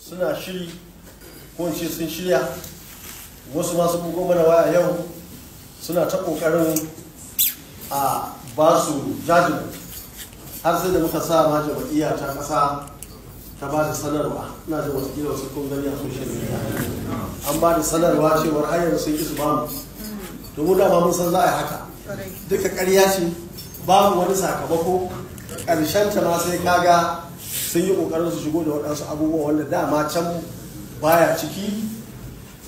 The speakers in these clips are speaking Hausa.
suna shiri ko ce sun shirya wasu masu bugo mana waya yau suna ta kokarin a ba su jajibu har sai da muka sa ma jama'iyya ta kasa ta ba da sanarwa ina da watakila wasu kun gani a social an ba da sanarwa cewar har yanzu sun ki su bamu domin dama mun san za a yi haka duka ƙarya ce babu wani sakamako ƙarshen ta ma sai kaga sun yi kokarin su shigo da waɗansu abubuwa wanda dama can baya ciki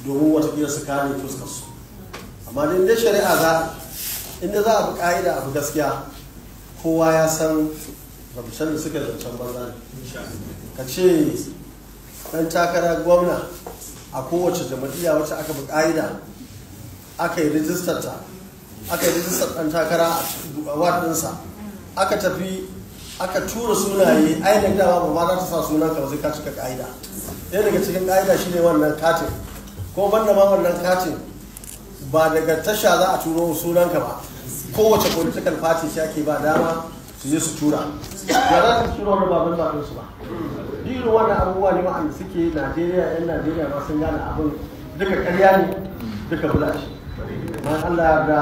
domin wata watakila su kare fuskarsu amma da inda shari'a za inda za a bi ka'ida abu gaskiya kowa ya san rabishan da suka zancen banza ne ka ce ɗan takara gwamna a kowace jam'iyya wacce aka bi ka'ida aka yi rijistar ta aka yi rijistar ɗan takara a wadinsa aka tafi aka tura sunaye ainihin dama ba ma za ta sa sunan ka ba sai ka cika ka'ida ɗaya daga cikin ka'ida ne wannan katin ko banda ma wannan katin ba daga tasha za a turo sunan ka ba kowace political party shi ake ba dama su je su tura ba za su tura wani babban zaɓen su ba irin wannan abubuwa ne wa'anda suke najeriya yan najeriya ma sun gane abin duka karya ne duka bulashi ma allah da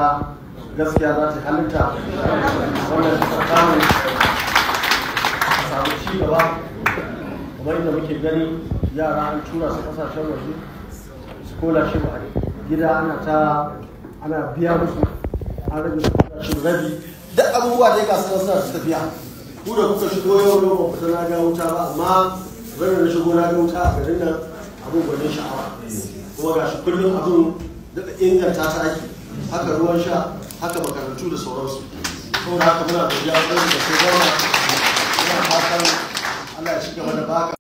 gaskiya za ta halitta wannan tsakanin muke gani yara an tura su kasashen waje scholarship a gida ana ta ana biya musu an rage scholarship rabi duk abubuwa da ya gasu suna su tafiya ku da kuka shigo yau yau ba ku na ga wuta ba amma ranar na shigo na ga wuta a garin nan abin gwanin sha'awa kuma ga shi kullum abin daga inganta ta ake haka ruwan sha haka makarantu da sauransu kuma haka muna da ya da sai gwamnati